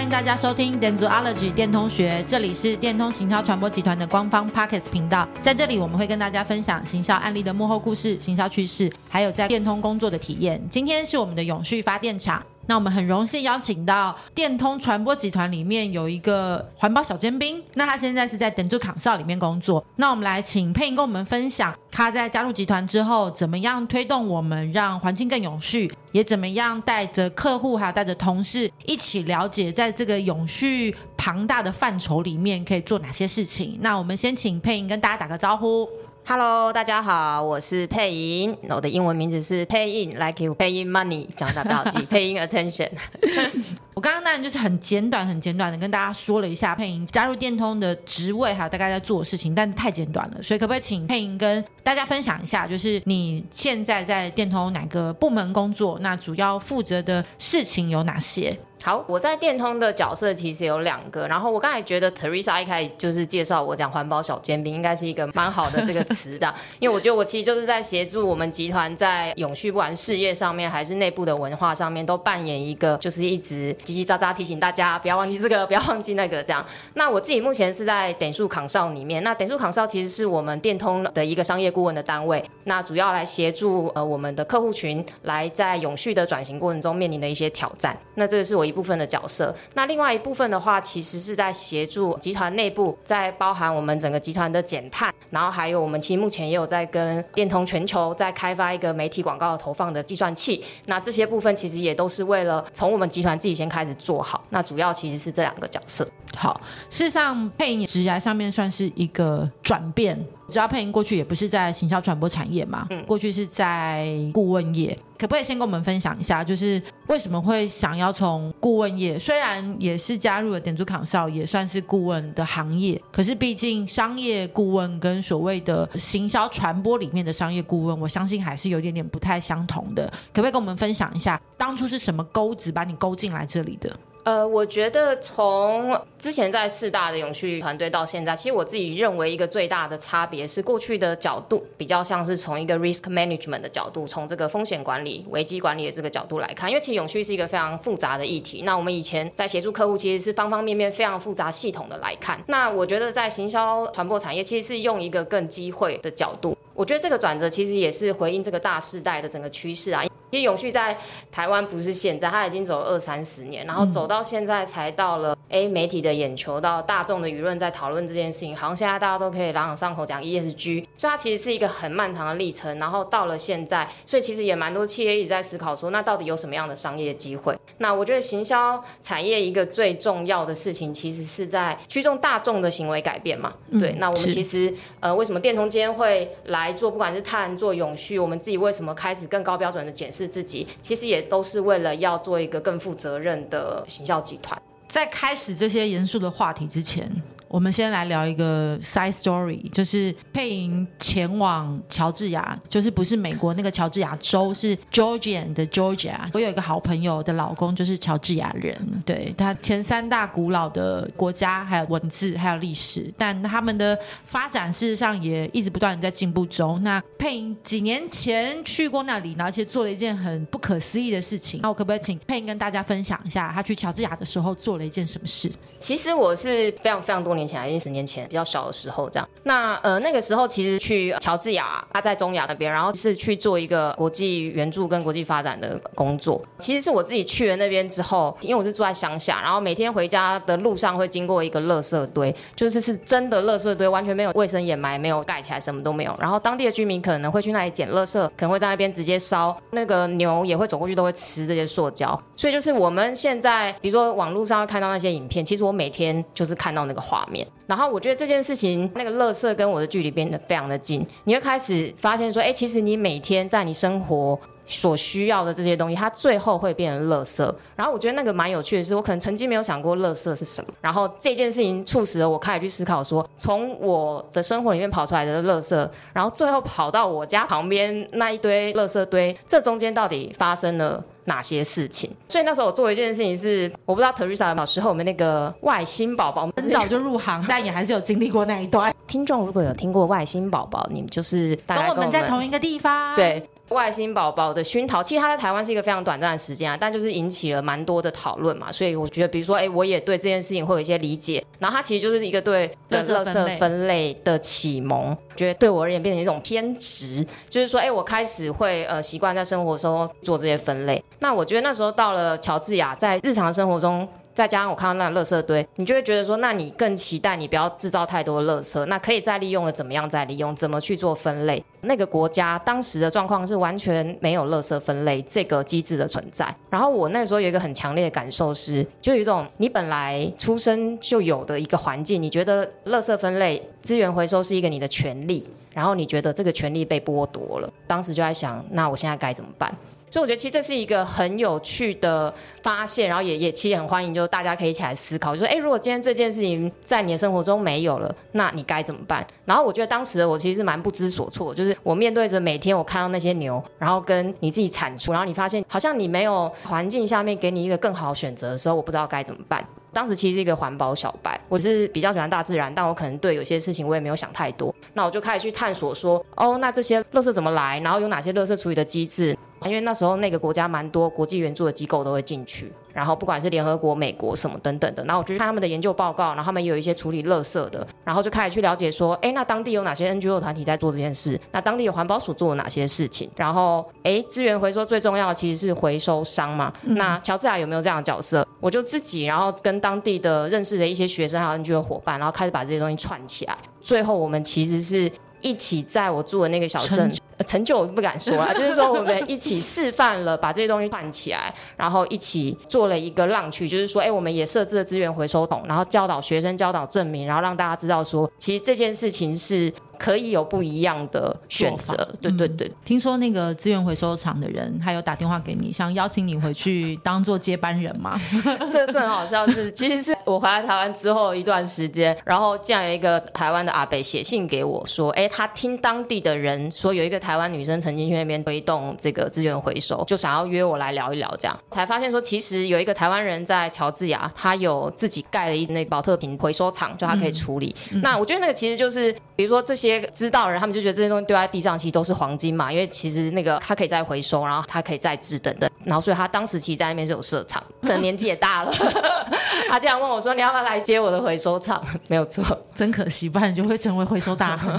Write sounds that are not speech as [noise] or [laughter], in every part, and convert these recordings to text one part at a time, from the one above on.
歡迎大家收聽《Dentsuology 電通學》，這裡是電通行銷傳播集團的官方 Podcast 頻道。在這裡，我們會跟大家分享行銷案例的幕後故事、行銷趨勢，還有在電通工作的體驗。今天是我們的永續發電場。那我們很榮幸邀請到電通傳播集團裡面有一個環保小尖兵，那他現在是在 Dentsu Consulting 裡面工作。那我們來請佩瑩跟我們分享他在加入集團之後，怎麼樣推動我們讓環境更永續，也怎麼樣帶着客戶，還有帶着同事一起了解，在這個永續龐大的範疇裡面可以做哪些事情。那我們先請佩瑩跟大家打個招呼。Hello，大家好，我是佩瑩，我的英文名字是 Peiying，like you paying money，講到道記 [laughs] ，paying attention。 [laughs] 我剛剛那就是很簡短、很簡短的跟大家說了一下佩瑩加入電通的職位還有大概在做的事情，但太簡短了，所以可不可以請佩瑩跟大家分享一下，就是你現在在電通哪個部門工作，那主要負責的事情有哪些？好，我在電通的角色其實有兩個，然後我剛才覺得 Teresa 一開始就是介紹我講環保小尖兵，應該是一個蠻好的這個詞這樣， [laughs] 因為我覺得我其實就是在協助我們集團在永續不管事業上面，還是內部的文化上面，都扮演一個就是一直嘰嘰喳喳喳提醒大家不要忘記這個，不要忘記那個這樣。 [laughs] 那我自己目前是在 Dentsu Consulting 裡面，那 Dentsu Consulting 其實是我們電通的一個商業顧問的單位，那主要來協助呃我們的客戶群來在永續的轉型過程中面臨的一些挑戰。那這個是我。一部分的角色，那另外一部分的話，其實是在協助集團內部，在包含我們整個集團的減碳，然後還有我們其實目前也有在跟電通全球在開發一個媒體廣告投放的計算器。那這些部分其實也都是為了從我們集團自己先開始做好。那主要其實是這兩個角色。好，事實上，佩瑩職涯上面算是一個轉變。我知道佩瑩過去也不是在行銷傳播產業嘛，嗯，過去是在顧問業。可不可以先跟我們分享一下，就是為什麼會想要從顧問業？雖然也是加入了電通 Consulting，也算是顧問的行業，可是畢竟商業顧問跟所謂的行銷傳播裡面的商業顧問，我相信還是有點點不太相同的。可不可以跟我們分享一下，當初是什麼鈎子把你勾進來這裡的？呃，我覺得從之前在四大的永續團隊到現在，其實我自己認為一個最大的差別是，過去的角度比較像是從一個 risk management 的角度，從這個風險管理、危機管理的這個角度來看，因為其實永續是一個非常複雜的議題。那我們以前在協助客戶，其實是方方面面非常複雜、系統的來看。那我覺得在行銷傳播產業，其實是用一個更機會的角度。我覺得這個轉折其實也是回應這個大時代的整個趨勢啊。因為永續在台灣不是現在，他已經走了二三十年，然後走到現在才到了 A 媒體的眼球，到大眾的輿論在討論這件事情。好像現在大家都可以朗朗上口講 ESG，所以它其實是一個很漫長的歷程。然後到了現在，所以其實也蠻多企業一直在思考說，那到底有什麼樣的商業機會？那我覺得行銷產業一個最重要的事情，其實是在驅動大眾的行為改變嘛。對，那我們其實是呃，為什麼電通今天會來？做，不管是碳做永續，我們自己為什麼開始更高標準的檢視自己？其實也都是為了要做一個更負責任的行銷集團。在開始這些嚴肅的話題之前。我們先來聊一個 side story，就是佩瑩前往喬治亞，就是不是美國那個喬治亞州，是 Georgian 的 Georgia。我有一個好朋友的老公就是喬治亞人，對，他前三大古老的國家，還有文字，還有歷史，但他們的發展事實上也一直不斷在進步中。那佩瑩幾年前去過那裡，然後其實做了一件很不可思議的事情。那我可不可以請佩瑩跟大家分享一下，她去喬治亞的時候做了一件什麼事？其實我是非常非常多。年前還是十年前，比較小的時候這樣。那呃那個時候，其實去喬治亞啊，他在中亞那邊，然後是去做一個國際援助跟國際發展的工作。其實是我自己去了那邊之後，因為我是住在鄉下，然後每天回家的路上會經過一個垃圾堆，就是是真的垃圾堆，完全沒有衛生掩埋，沒有蓋起來，什麼都沒有。然後當地的居民可能會去那裡撿垃圾，可能會在那邊直接燒。那個牛也會走過去，都會吃這些塑膠。所以就是我們現在，比如說網路上會看到那些影片，其實我每天就是看到那個畫然後我覺得這件事情，那個垃圾跟我的距離變得非常的近，你就開始發現說，哎、欸，其實你每天在你生活所需要的這些東西，它最後會變成垃圾。然後我覺得那個蠻有趣的是，我可能曾經沒有想過垃圾是什麼。然後這件事情促使了我開始去思考說，說從我的生活裡面跑出來的垃圾，然後最後跑到我家旁邊那一堆垃圾堆，這中間到底發生了哪些事情？所以那時候我做了一件事情是，我不知道 Teresa 老師和我們那個外星寶寶我們很早就入行， [laughs] 但也還是有經歷過那一段。聽眾如果有聽過外星寶寶，你們就是跟我們,跟我們在同一個地方。對。外星寶寶的熏陶，其實他在台灣是一個非常短暫的時間啊，但就是引起了蠻多的討論嘛，所以我覺得，比如說，哎，我也對這件事情會有一些理解。然後他其實就是一個對垃圾分類的啟蒙，覺得對我而言變成一種偏執，就是說，哎，我開始會呃習慣在生活中做這些分類。那我覺得那時候到了喬治亞，在日常生活中。再加上我看到那個垃圾堆，你就會覺得說，那你更期待你不要製造太多的垃圾，那可以再利用的怎麼樣再利用，怎麼去做分類？那個國家當時的狀況是完全沒有垃圾分類這個機制的存在。然後我那時候有一個很強烈的感受是，就有一種你本來出生就有的一個環境，你覺得垃圾分類、資源回收是一個你的權利，然後你覺得這個權利被剝奪了。當時就在想，那我現在該怎麼辦？所以我覺得其實這是一個很有趣的發現，然後也也其實很歡迎，就是大家可以一起來思考，就是說，誒，如果今天這件事情在你的生活中沒有了，那你該怎麼辦？然後我覺得當時我其實是蠻不知所措，就是我面對着每天我看到那些牛，然後跟你自己產出，然後你發現好像你沒有環境下面給你一個更好選擇的時候，我不知道該怎麼辦。當時其實是一個環保小白，我是比較喜歡大自然，但我可能對有些事情我也沒有想太多，那我就開始去探索，說，哦，那這些垃圾怎麼來？然後有哪些垃圾處理的機制？因為那時候那個國家蠻多國際援助的機構都會進去，然後不管是聯合國、美國什麼等等的。然後我就去看他們的研究報告，然後他們也有一些處理垃圾的，然後就開始去了解說，哎，那當地有哪些 NGO 團體在做這件事？那當地有環保署做了哪些事情？然後，哎，資源回收最重要的其實是回收商嘛。嗯。那喬治亞有沒有這樣的角色？我就自己，然後跟當地的認識的一些學生還有 NGO 夥伴，然後開始把這些東西串起來。最後我們其實是一起在我住的那個小鎮。成就我就不敢說了，就是說我們一起示範了 [laughs] 把這些東西串起來，然後一起做了一個浪區，就是說，哎、欸，我們也設置了資源回收桶，然後教導學生教導證明，然後讓大家知道說，其實這件事情是。可以有不一樣的選擇，嗯、對對對。聽說那個資源回收廠的人，他有打電話給你，想邀請你回去當做接班人嗎？ [laughs] 這正好像是，其實是我回來台灣之後一段時間，然後竟然有一個台灣的阿北寫信給我說，哎、欸，他聽當地的人說有一個台灣女生曾經去那邊推動這個資源回收，就想要約我來聊一聊，這樣才發現說，其實有一個台灣人在喬治亞，他有自己蓋了一那寶特瓶回收廠，就他可以處理。嗯嗯、那我覺得那個其實就是。比如說這些知道的人，他們就覺得這些東西丟在地上其實都是黃金嘛，因為其實那個它可以再回收，然後它可以再製等等，然後所以他當時其實在那邊是有設廠的，年紀也大了， [laughs] [laughs] 他這樣問我說：“你要不要來接我的回收廠？”沒有錯，真可惜，不然你就會成為回收大亨。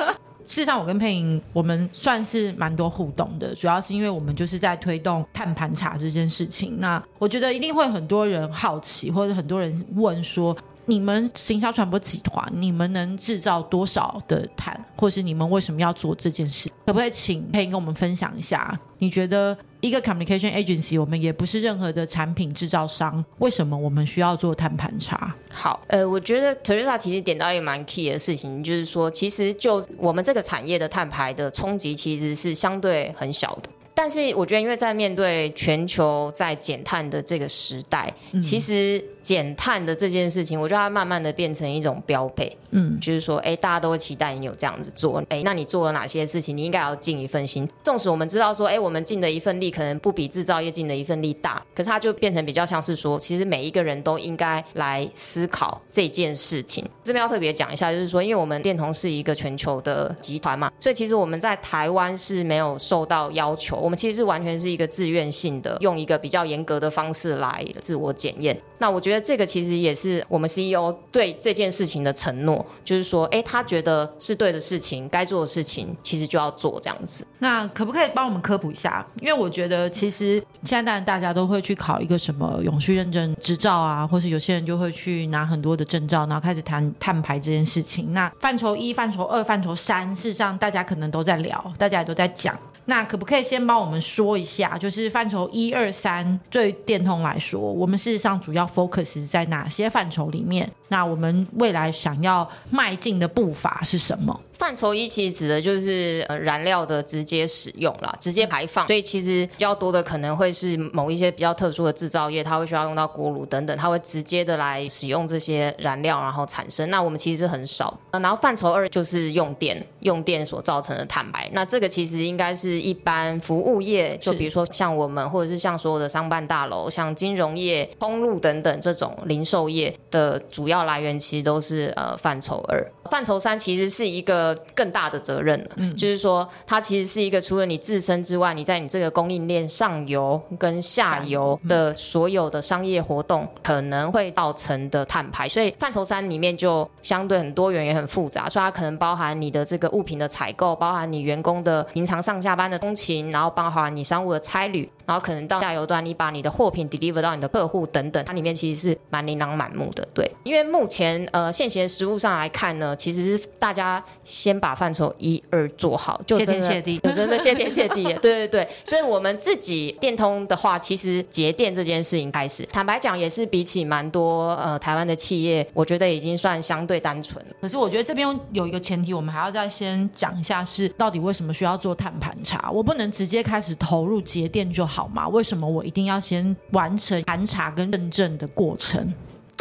[laughs] 事實上，我跟佩瑩我們算是蠻多互動的，主要是因為我們就是在推動碳盤查這件事情。那我覺得一定會很多人好奇，或者很多人問說。你們行銷傳播集團，你們能製造多少的碳，或是你們為什麼要做這件事？可不可以請佩瑩跟我們分享一下？你覺得一個 communication agency，我們也不是任何的產品製造商，為什麼我們需要做碳盤查？好，呃，我覺得 Teresa 其實點到一個蠻 key 的事情，就是說，其實就我們這個產業的碳排的衝擊其實是相對很小的。但是我覺得，因為在面對全球在減碳的這個時代，嗯、其實減碳的這件事情，我覺得它慢慢的變成一種標配。嗯，就是說，哎、欸，大家都會期待你有這樣子做。哎、欸，那你做了哪些事情？你應該要盡一份心。縱使我們知道說，哎、欸，我們盡的一份力可能不比制造業盡的一份力大，可是它就變成比較像是說，其實每一個人都應該來思考這件事情。這邊要特別講一下，就是說，因為我們電通是一個全球的集團嘛，所以其實我們在台灣是沒有受到要求。其實是完全是一個自願性的，用一個比較嚴格的方式來自我檢驗。那我覺得這個其實也是我們 CEO 對這件事情的承諾，就是說，哎，他覺得是對的事情，該做的事情，其實就要做這樣子。那可不可以幫我們科普一下？因為我覺得其實現在當然大家都會去考一個什麼永續認證執照啊，或是有些人就會去拿很多的證照，然後開始談碳排這件事情。那範疇一、範疇二、範疇三，事實上大家可能都在聊，大家也都在講。那可不可以先幫我們說一下，就是範疇一二三，對於電通來說，我們事實上主要 focus 在哪些範疇裡面？那我們未來想要邁進的步伐是什麼？範疇一其實指的就是呃燃料的直接使用啦，直接排放。所以其實比較多的可能會是某一些比較特殊的製造業，它會需要用到鍋爐等等，它會直接的來使用這些燃料，然後產生。那我們其實是很少。然後範疇二就是用電，用電所造成的碳排。那這個其實應該是一般服務業，就比如說像我們，或者是像所有的商辦大樓、像金融業、通路等等這種零售業的主要來源其實都是呃範疇二，範疇三其實是一個更大的責任嗯，就是說它其實是一個除了你自身之外，你在你這個供應鏈上游跟下游的所有的商業活動可能會造成的碳排，嗯，所以範疇三裡面就相對很多元也很複雜，所以它可能包含你的這個物品的採購，包含你員工的平常上下班的通勤，然後包含你商務的差旅。然後可能到下游端，你把你的貨品 deliver 到你的客戶等等，它裡面其實是蠻琳琅滿目的。對，因為目前呃現行實務上來看呢，其實是大家先把範疇一二做好。就謝天謝地，真的謝天謝地。 [laughs] 對對對，所以我們自己電通的話，其實節電這件事情開始，坦白講也是比起蠻多呃台灣的企業，我覺得已經算相對單純。可是我覺得這邊有一個前提，我們還要再先講一下是到底為什麼需要做碳盤查，我不能直接開始投入節電就好？為什麼我一定要先完成盤查跟認證的過程？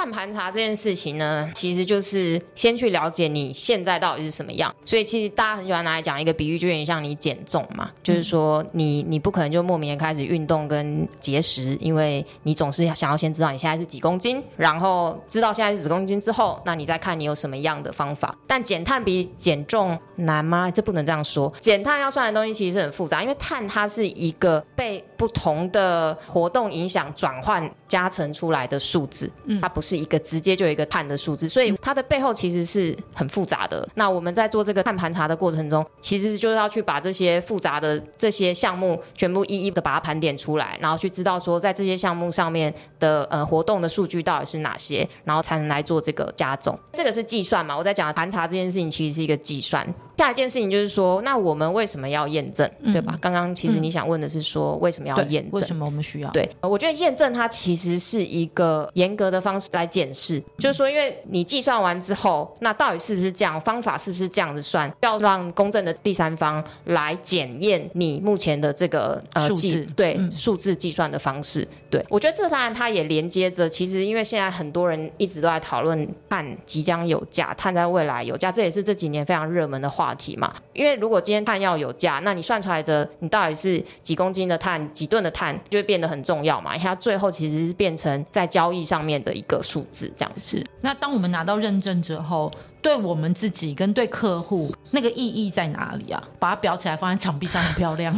碳盤查這件事情呢，其實就是先去了解你現在到底是什麼樣，所以其實大家很喜歡拿來講一個比喻，就有點像你減重嘛，嗯，就是說你你不可能就莫名的開始運動跟節食，因為你總是想要先知道你現在是幾公斤，然後知道現在是幾公斤之後，那你再看你有什麼樣的方法。但減碳比減重難嗎？這不能這樣說。減碳要算的東西其實是很複雜，因為碳它是一個被不同的活動影響轉換。加成出來的數字，它不是一個直接就有一個碳的數字，嗯、所以它的背後其實是很複雜的。那我們在做這個碳盤查的過程中，其實就是要去把這些複雜的這些項目全部一一的把它盤點出來，然後去知道說在這些項目上面的呃活動的數據到底是哪些，然後才能來做這個加總。這個是計算嘛？我在講的盤查這件事情其實是一個計算。下一件事情就是說，那我們為什麼要驗證，嗯、對吧？剛剛其實你想問的是說為什麼要驗證？嗯嗯、為什麼我們需要？對，我覺得驗證它其實。其實是一個嚴格的方式來檢視，嗯、就是說，因為你計算完之後，那到底是不是這樣，方法是不是這樣子算，要讓公正的第三方來檢驗你目前的這個呃數字計，對、嗯、數字計算的方式。對，我覺得這當然，它也連接着，其實因為現在很多人一直都在討論碳即將有價，碳在未來有價，這也是這幾年非常熱門的話題嘛。因為如果今天碳要有價，那你算出來的你到底是幾公斤的碳、幾噸的碳，就會變得很重要嘛。因為它最後其實。變成在交易上面的一個數字，這樣子。那當我們拿到認證之後，對我們自己跟對客戶那個意義在哪裡啊？把它裱起來放在牆壁上很漂亮。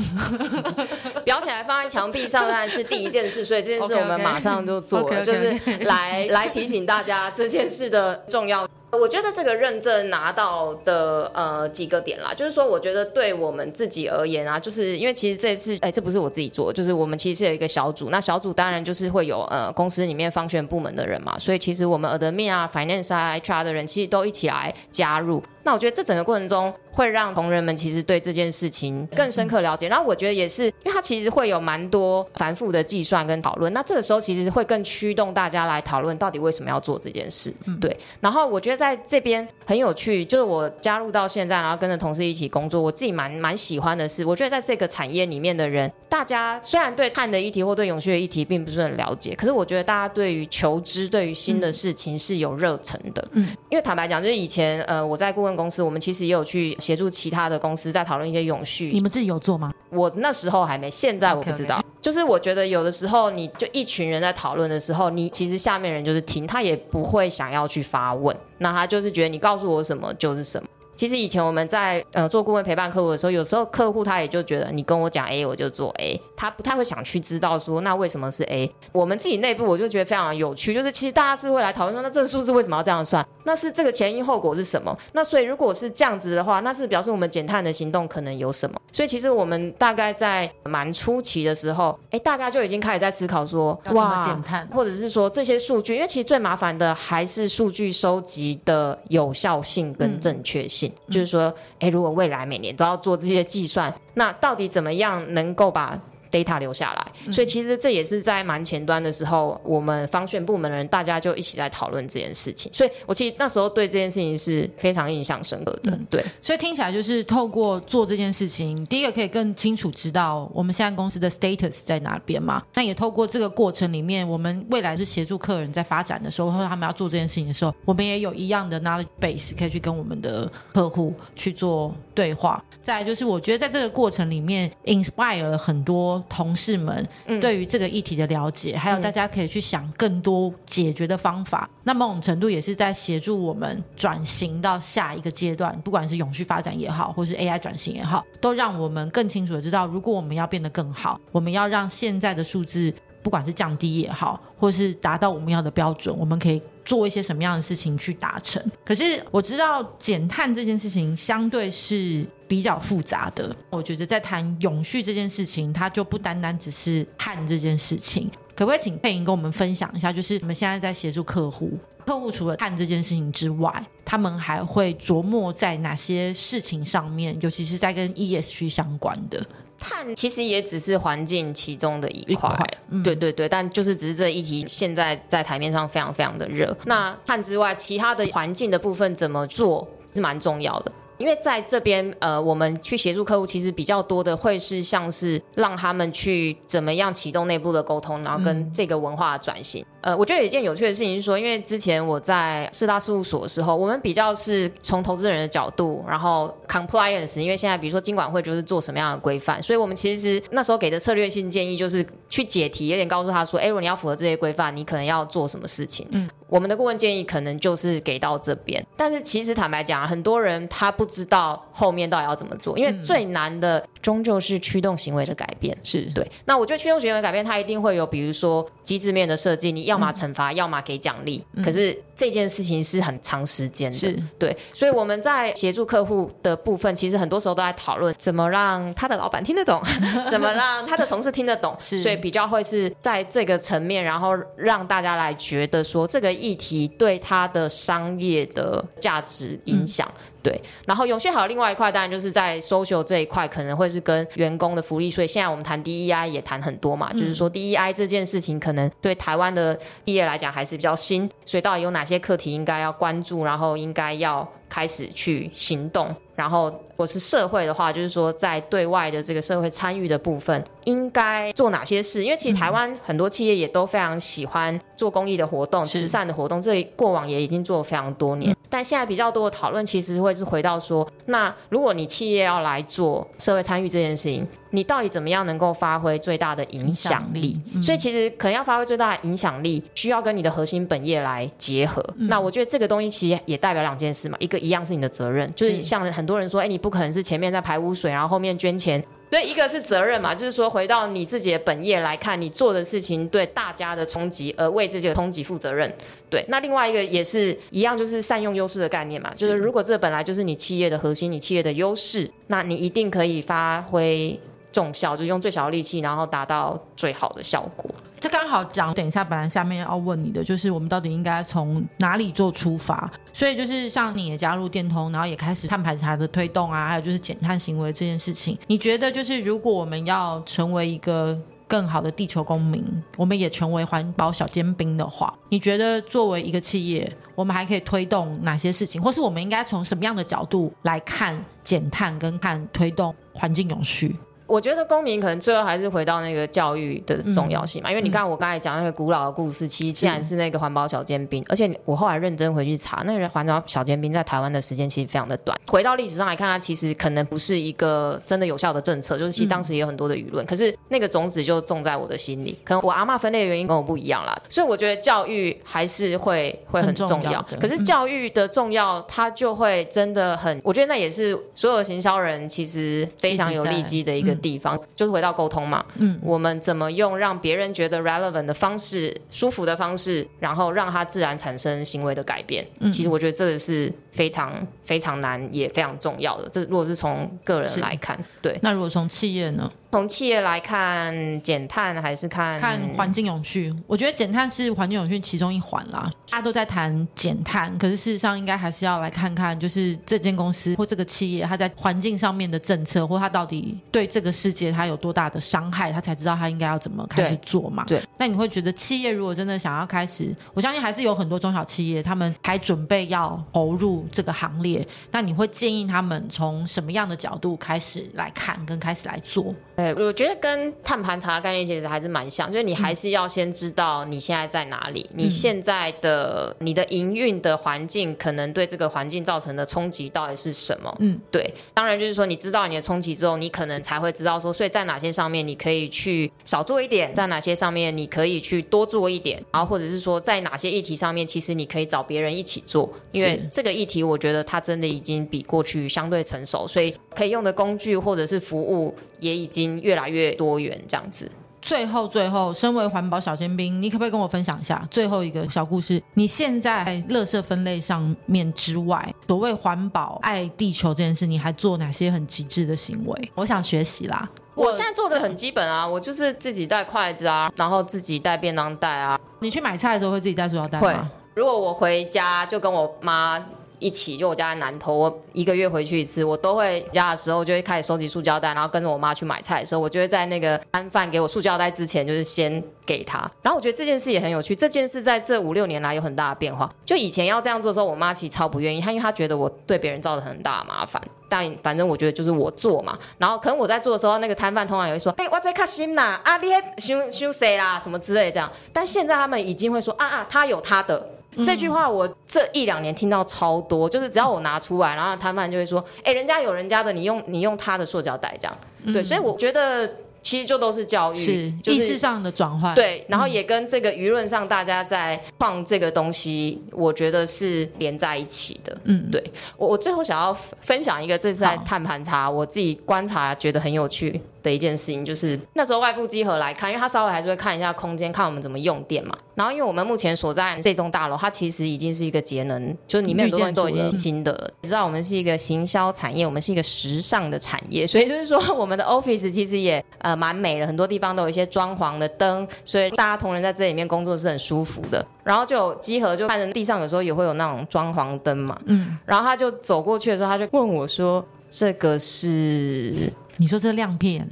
裱 [laughs] [laughs] 起來放在牆壁上當然是第一件事，所以這件事我們馬上就做了，okay, okay. 就是來來提醒大家這件事的重要。我覺得這個認證拿到的呃幾個點啦，就是說我覺得對我們自己而言啊，就是因為其實這一次哎、欸，這不是我自己做，就是我們其實是有一個小組，那小組當然就是會有呃公司裡面方權部門的人嘛，所以其實我們 Admin 啊、Finance 啊、HR 的人其實都一起來加入。那我覺得這整個過程中會讓同仁們其實對這件事情更深刻了解。嗯、哼然後我覺得也是，因為它其實會有蠻多繁複的計算跟討論。那這個時候其實會更驅動大家來討論到底為什麼要做這件事。嗯、哼對。然後我覺得在這邊很有趣，就是我加入到現在，然後跟着同事一起工作，我自己蠻蠻喜歡的是，我覺得在這個產業裡面的人，大家雖然對碳的議題或對永續的議題並不是很了解，可是我覺得大家對於求知、對於新的事情是有熱忱的。嗯。因為坦白講，就是以前呃我在顧問。公司，我們其實也有去協助其他的公司在討論一些永續。你們自己有做嗎？我那時候還沒，現在我不知道。就是我覺得有的時候，你就一群人在討論的時候，你其實下面人就是聽，他也不會想要去發問，那他就是覺得你告訴我什麼就是什麼。其實以前我們在呃做顧問陪伴客戶的時候，有時候客戶他也就覺得你跟我講 A 我就做 A，他不太會想去知道說那為什麼是 A。我們自己內部我就覺得非常的有趣，就是其實大家是會來討論說，那這個數字為什麼要這樣算，那是這個前因後果是什麼？那所以如果是這樣子的話，那是表示我們減碳的行動可能有什麼？所以其實我們大概在蠻初期的時候，哎，大家就已經開始在思考說，哇減碳哇，或者是說這些數據，因為其實最麻煩的還是數據收集的有效性跟正確性。嗯嗯、就是說，哎、欸，如果未來每年都要做這些計算，那到底怎麼樣能夠把 data 留下來，所以其實這也是在蠻前端的時候，嗯、我們方選部門的人大家就一起來討論這件事情。所以，我其實那時候對這件事情是非常印象深刻的。對，嗯、所以聽起來就是透過做這件事情，第一個可以更清楚知道我們現在公司的 status 在哪邊嘛。那也透過這個過程裡面，我們未來是協助客人在發展的時候，或者他們要做這件事情的時候，我們也有一樣的 knowledge base 可以去跟我們的客戶去做對話。再來就是，我覺得在這個過程裡面 inspire 了很多。同事們對於這個議題的了解，嗯，還有大家可以去想更多解決的方法。嗯，那某種程度也是在協助我們轉型到下一個階段，不管是永續發展也好，或是 AI 轉型也好，都讓我們更清楚地知道，如果我們要變得更好，我們要讓現在的數字不管是降低也好，或是達到我們要的標準，我們可以。做一些什麼樣的事情去達成？可是我知道減碳這件事情相對是比較複雜的。我覺得在談永續這件事情，它就不單單只是碳這件事情。可不可以請佩瑩跟我們分享一下？就是你們現在在協助客戶，客戶除了碳這件事情之外，他們還會琢磨在哪些事情上面，尤其是在跟 ESG 相關的。碳其實也只是環境其中的一塊，一塊嗯、對對對，但就是只是這一題現在在台面上非常非常的熱。那碳之外，其他的環境的部分怎麼做是蠻重要的，因為在這邊呃，我們去協助客戶其實比較多的會是像是讓他們去怎麼樣啟動內部的溝通，然後跟這個文化轉型。嗯呃，我覺得有一件有趣的事情是說，因為之前我在四大事務所的時候，我們比較是從投資人的角度，然後 compliance，因為現在比如說金管會就是做什麼樣的規範，所以我們其實那時候給的策略性建議就是去解題，有點告訴他說：“哎，如果你要符合這些規範，你可能要做什麼事情。”嗯，我們的顧問建議可能就是給到這邊，但是其實坦白講，很多人他不知道後面到底要怎麼做，因為最難的、嗯、終究是驅動行為的改變。是對，那我覺得驅動行為的改變，它一定會有，比如說機制面的設計，你要。要麼懲罰，要麼給獎勵。嗯。可是，這件事情是很長時間的，是對，所以我們在協助客戶的部分，其實很多時候都在討論怎麼讓他的老板聽得懂， [laughs] 怎麼讓他的同事聽得懂，是所以比較會是在這個層面，然後讓大家來覺得說這個議題對他的商業的價值影響。嗯、對，然後永續還有另外一塊，當然就是在 social 這一塊，可能會是跟員工的福利，所以現在我們談 D E I 也談很多嘛，嗯、就是說 D E I 這件事情可能對台灣的畢業來講還是比較新，所以到底有哪哪些課題應該要關注，然後應該要……開始去行動，然後或是社會的話，就是說在對外的這個社會參與的部分，應該做哪些事？因為其實台灣很多企業也都非常喜歡做公益的活動、是慈善的活動，這過往也已經做了非常多年。嗯、但現在比較多的討論，其實會是回到說，那如果你企業要來做社會參與這件事情，你到底怎麼樣能夠發揮最大的影響力？響力嗯、所以其實可能要發揮最大的影響力，需要跟你的核心本業來結合。嗯、那我覺得這個東西其實也代表兩件事嘛，一個。一樣是你的責任，就是像很多人說，哎，你不可能是前面在排污水，然後後面捐錢。對，一個是責任嘛，就是說回到你自己的本業來看，你做的事情對大家的衝擊，而為自己的衝擊負責任。對，那另外一個也是一樣，就是善用優勢的概念嘛，就是如果這本來就是你企業的核心，你企業的優勢，那你一定可以發揮。重效，就是用最小的力氣，然後達到最好的效果。這剛好講，等一下本來下面要問你的，就是我們到底應該從哪裡做出發。所以就是像你也加入電通，然後也開始碳盤查的推動啊，還有就是減碳行為這件事情。你覺得就是如果我們要成為一個更好的地球公民，我們也成為環保小尖兵的話，你覺得作為一個企業，我們還可以推動哪些事情，或是我們應該從什麼樣的角度來看減碳跟看推動環境永續？我覺得公民可能最後還是回到那個教育的重要性嘛，嗯、因為你看我剛才講那個古老的故事，嗯、其實竟然是那個環保小尖兵。是而且我後來認真回去查，那個環保小尖兵在台灣的時間其實非常的短。回到歷史上來看，它其實可能不是一個真的有效的政策，就是其實當時也有很多的輿論。嗯、可是那個種子就種在我的心裡，可能我阿嬤分類的原因跟我不一樣啦。所以我覺得教育還是會會很重要。重要可是教育的重要，嗯、它就會真的很，我覺得那也是所有行銷人其實非常有利基的一個。地方就是回到溝通嘛，嗯，我們怎麼用讓別人覺得 relevant 的方式、舒服的方式，然後讓他自然產生行為的改變？嗯，其實我覺得這個是非常非常難，也非常重要的。這如果是從個人來看，是對，那如果從企業呢？從企業來看，減碳還是看看環境永續？我覺得減碳是環境永續其中一環啦。大家都在談減碳，可是事實上應該還是要來看看，就是這間公司或這個企業，它在環境上面的政策，或它到底對這個世界它有多大的傷害，它才知道它應該要怎麼開始做嘛。對。對，那你會覺得企業如果真的想要開始，我相信還是有很多中小企業，他們還準備要投入這個行列。那你會建議他們從什麼樣的角度開始來看，跟開始來做？我覺得跟碳盤查的概念其實還是蠻像，就是你還是要先知道你現在在哪裡，嗯、你現在的你的營運的環境可能對這個環境造成的衝擊到底是什麼？嗯，對。當然就是說，你知道你的衝擊之後，你可能才會知道說，所以在哪些上面你可以去少做一點，在哪些上面你可以去多做一點，然後或者是說，在哪些議題上面，其實你可以找別人一起做，因為這個議題我覺得它真的已經比過去相對成熟，所以可以用的工具或者是服務。也已經越來越多元這樣子。最後，最後，身為環保小尖兵，你可不可以跟我分享一下最後一個小故事？你現在在垃圾分類上面之外，所謂環保、愛地球這件事，你還做哪些很極致的行為？我想學習啦。我現在做的很基本啊，我就是自己帶筷子啊，然後自己帶便當袋啊。你去買菜的時候會自己帶塑料袋嗎？會。如果我回家就跟我媽。一起，就我家在南投，我一個月回去一次，我都會家的時候，就會開始收集塑膠袋，然後跟着我媽去買菜的時候，我就會在那個攤販給我塑膠袋之前，就是先給他。然後我覺得這件事也很有趣，這件事在這五六年來有很大的變化。就以前要這樣做的時候，我媽其實超不願意，她因為她覺得我對別人造成了很大的麻煩。但反正我覺得就是我做嘛。然後可能我在做的時候，那個攤販通常也會說：“哎、欸，我在卡心吶，啊，你還收收誰啦，什麼之類的這樣。”但現在他們已經會說：“啊啊，他有他的。”這句話我這一兩年聽到超多，嗯、就是只要我拿出來，然後談判就會說：“哎，人家有人家的，你用你用他的塑膠袋這樣。嗯”對，所以我覺得其實就都是教育，是，就是、意識上的轉換。對，然後也跟這個輿論上大家在放這個東西，嗯、我覺得是連在一起的。嗯，對我我最後想要分享一個，這次在碳盤查，好我自己觀察覺得很有趣的一件事情，就是那時候外部稽核來看，因為他稍微還是會看一下空間，看我們怎麼用電嘛。然後因為我們目前所在這棟大樓，它其實已經是一個節能，就是裡面很多東西都已經新的。你知道我們是一個行銷產業，我們是一個時尚的產業，所以就是說我們的 office 其實也呃蠻美的，很多地方都有一些裝潢的燈，所以大家同仁在這裡面工作是很舒服的。然後就稽核，就看着地上有時候也會有那種裝潢燈嘛，嗯，然後他就走過去的時候，他就問我說。這個是你說這亮片？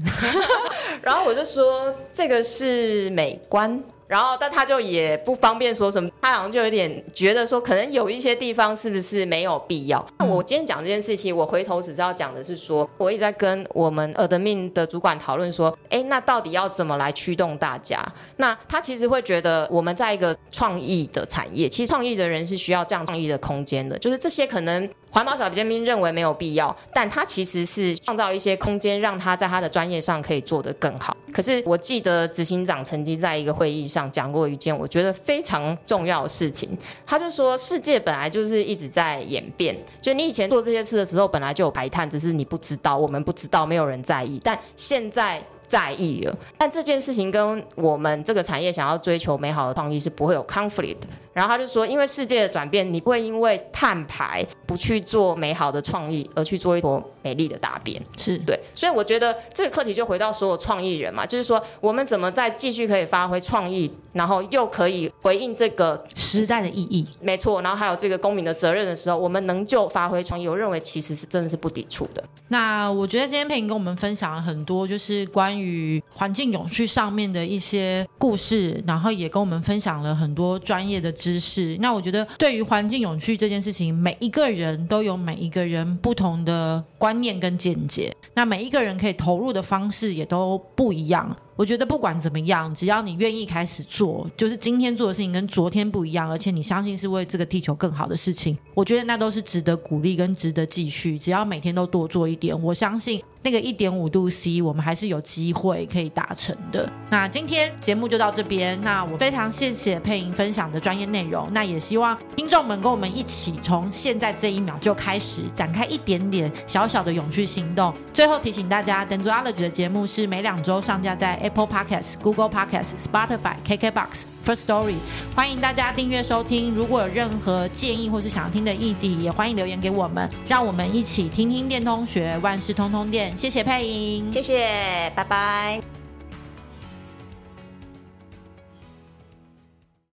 [laughs] 然後我就說這個是美觀，然後但他就也不方便說什麼，他好像就有點覺得說，可能有一些地方是不是沒有必要。那我今天講這件事情，嗯、我回頭只知道講的是說我一直在跟我們 Admin 的主管討論說，哎，那到底要怎麼來驅動大家？那他其實會覺得我們在一個創意的產業，其實創意的人是需要這樣創意的空間的，就是這些可能。環保小尖兵認為沒有必要，但他其實是創造一些空間，讓他在他的專業上可以做得更好。可是我記得執行長曾經在一個會議上講過一件我覺得非常重要的事情，他就說世界本來就是一直在演變，就你以前做這些事的時候，本來就有排碳，只是你不知道，我們不知道，沒有人在意，但現在在意了。但這件事情跟我們這個產業想要追求美好的創意是不會有 conflict 的。然後他就說：“因為世界的轉變，你不會因為碳排不去做美好的創意，而去做一坨美麗的大便。是對。所以我覺得這個課題就回到所有創意人嘛，就是說我們怎麼再繼續可以發揮創意，然後又可以回應這個時代的意義，沒錯。然後還有這個公民的責任的時候，我們能就發揮創意，我認為其實是真的是不抵觸的。那我覺得今天佩瑩跟我們分享了很多就是關於環境永續上面的一些故事，然後也跟我們分享了很多專業的。”知識，那我覺得對於環境永續這件事情，每一個人都有每一個人不同的觀念跟見解，那每一個人可以投入的方式也都不一樣。我覺得不管怎麼樣，只要你願意開始做，就是今天做的事情跟昨天不一樣，而且你相信是為這個地球更好的事情，我覺得那都是值得鼓勵跟值得繼續。只要每天都多做一點，我相信那個一點五度 C，我們還是有機會可以達成的。那今天節目就到這邊，那我非常謝謝佩瑩分享的專業內容，那也希望聽眾們跟我們一起從現在這一秒就開始展開一點點小小的永續行動。最後提醒大家，等珠阿樂姐的節目是每兩周上架在。Apple Podcasts、Google Podcasts、Spotify、KKBox、First Story，歡迎大家訂閱收聽。如果有任何建議或是想聽的議題，也歡迎留言給我們，讓我們一起聽聽電通學萬事通通電。謝謝佩瑩，謝謝，拜拜。